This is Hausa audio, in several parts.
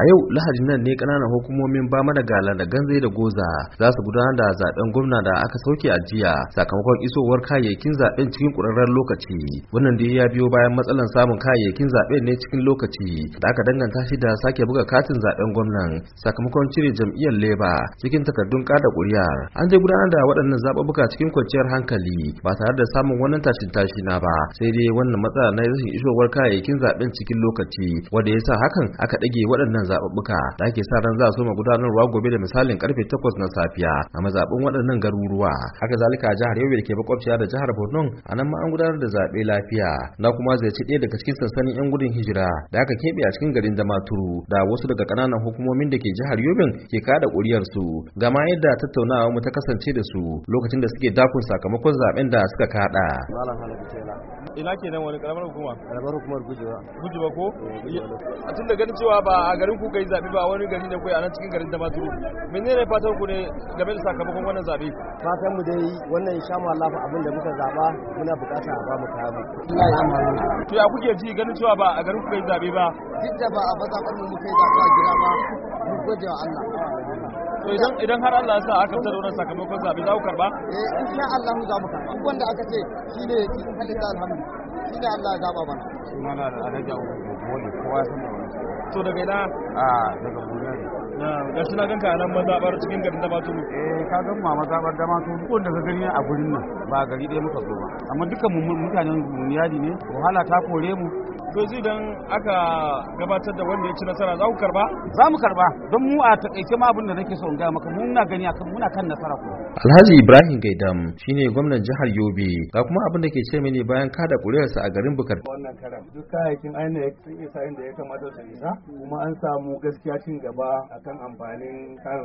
a yau lahadin nan ne kananan hukumomin bama da gala da ganzai da goza za su gudanar da zaben gwamna da aka sauke a jiya sakamakon isowar kayayyakin zaben cikin kurarren lokaci wannan dai ya biyo bayan matsalan samun kayayyakin zaben ne cikin lokaci da aka danganta shi da sake buga katin zaben gwamnan sakamakon cire jam'iyyar leba cikin takardun kada kuri'a an je gudanar da waɗannan zababuka cikin kwanciyar hankali ba tare da samun wannan tashin tashi na ba sai dai wannan matsala na rashin isowar kayayyakin zaben cikin lokaci wanda ya sa hakan aka ɗage waɗannan waɗannan zaɓuɓɓuka da ake sa ran za su gudanarwa gobe da misalin karfe 8 na safiya a mazaɓin waɗannan garuruwa haka zalika jihar Yobe da ke makwabciya da jihar Borno a nan ma an gudanar da zaɓe lafiya na kuma zai ci ɗaya daga cikin sansanin 'yan gudun hijira da aka keɓe a cikin garin Damaturu da wasu daga ƙananan hukumomin da ke jihar Yobe ke kada ƙuriyarsu ga ma yadda tattaunawa mu ta kasance da su lokacin da suke dakon sakamakon zaɓen da suka kaɗa. ina kenan wani karamar hukuma karamar hukumar gujewa gujewa ko eh, a tun da ganin cewa ba a garin ku kai zabi ba wani gari da kuwa a nan cikin garin da maturu menene fatan ku ne game da sakamakon wannan zabe fatan mu dai wannan insha Allah abin da muka zaba muna bukata a ba mu kawo to ya kuke ji ganin cewa ba a garin ku kai zabe ba duk da ba a bazakar mu kai zabe a gida ba mu gujewa Allah to idan idan har Allah ya sa aka fitar wannan sakamakon bi za ku karba eh sha Allah za mu karba wanda aka ce shi ne yake halitta alhamdu shi ne Allah ya zaba mana na da alhaji wani kowa san da wani to daga ina a ah, daga ne na ga shi na ganka nan mazabar cikin garin da batu eh ka ga ma mazabar da Batulu wanda ka gani a gurin nan ba gari dai muka zo ba amma dukkan mutanen Bunyadi ne wahala ta kore mu to zai dan aka gabatar da wanda ya ci nasara za ku karba za mu karba don mu a takaice ma abin da nake so in ga maka muna gani akan muna kan nasara ko Alhaji Ibrahim Gaidam shine gwamnan jihar Yobe ga kuma abin da ke ce mini bayan kada kuriyarsa a garin Bukar wannan karam duk kayayyakin ainihin sun isa inda ya kamata su isa kuma an samu gaskiya cin gaba akan amfanin kan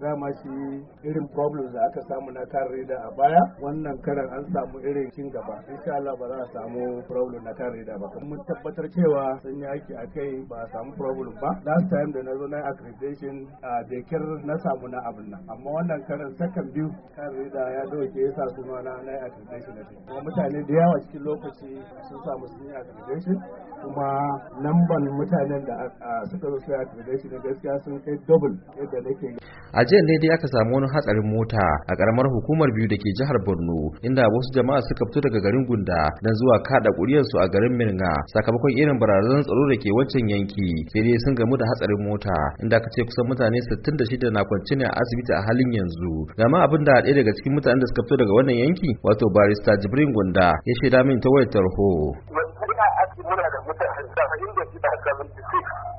Za ma shi irin problems da aka samu na kan rida a baya wannan karan an samu irin cin gaba insha Allah ba za a samu problem na kan rida ba kuma mun tabbatar cewa sun yi aiki a kai ba a samu problem ba last time da na zo na accreditation a bekir na samu na abin nan amma wannan karin second biyu kan rida ya dauke ya sa suna na na accreditation kuma mutane da yawa cikin lokaci sun samu sun yi accreditation kuma lamban mutanen da suka zo su yi accreditation da gaskiya sun kai double yadda nake a jiya ne dai aka samu wani hatsarin mota a karamar hukumar biyu da ke jihar Borno inda wasu jama'a suka fito daga garin Gunda don zuwa kada kuriyarsu a garin Mirna sakamakon akwai irin barazan tsaro da ke wancan yanki sai dai sun gamu da hatsarin mota inda aka ce kusan mutane 66 na kwance ne a asibiti a halin yanzu gama abin da ɗaya daga cikin mutanen da suka fito daga wannan yanki wato barista jibrin gunda ya shaida min ta wayar tarho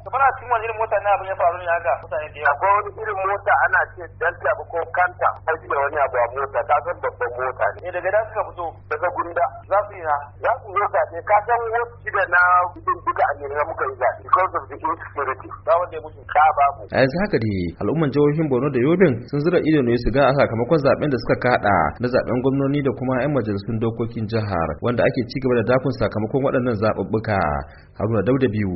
to fara cikin wani irin mota na abin ya faru ne haka mutane da yawa akwai wani irin mota ana ce delta ko kanta sai da wani abu a mota Ka san babban mota ne eh daga da suka fito daga gunda za su yi na za su zo ka san wani da na bin duka a ne muka yi zaɓe because of the insecurity ba wanda ya mutu ka babu a yanzu haka dai al'umman jihohin Borno da Yobin sun zira, ido ne su ga a sakamakon zaben da suka kada na zaben gwamnoni da kuma 'yan majalisun dokokin jihar wanda ake ci gaba da dafin sakamakon waɗannan zaɓuɓɓuka haruna dauda biyu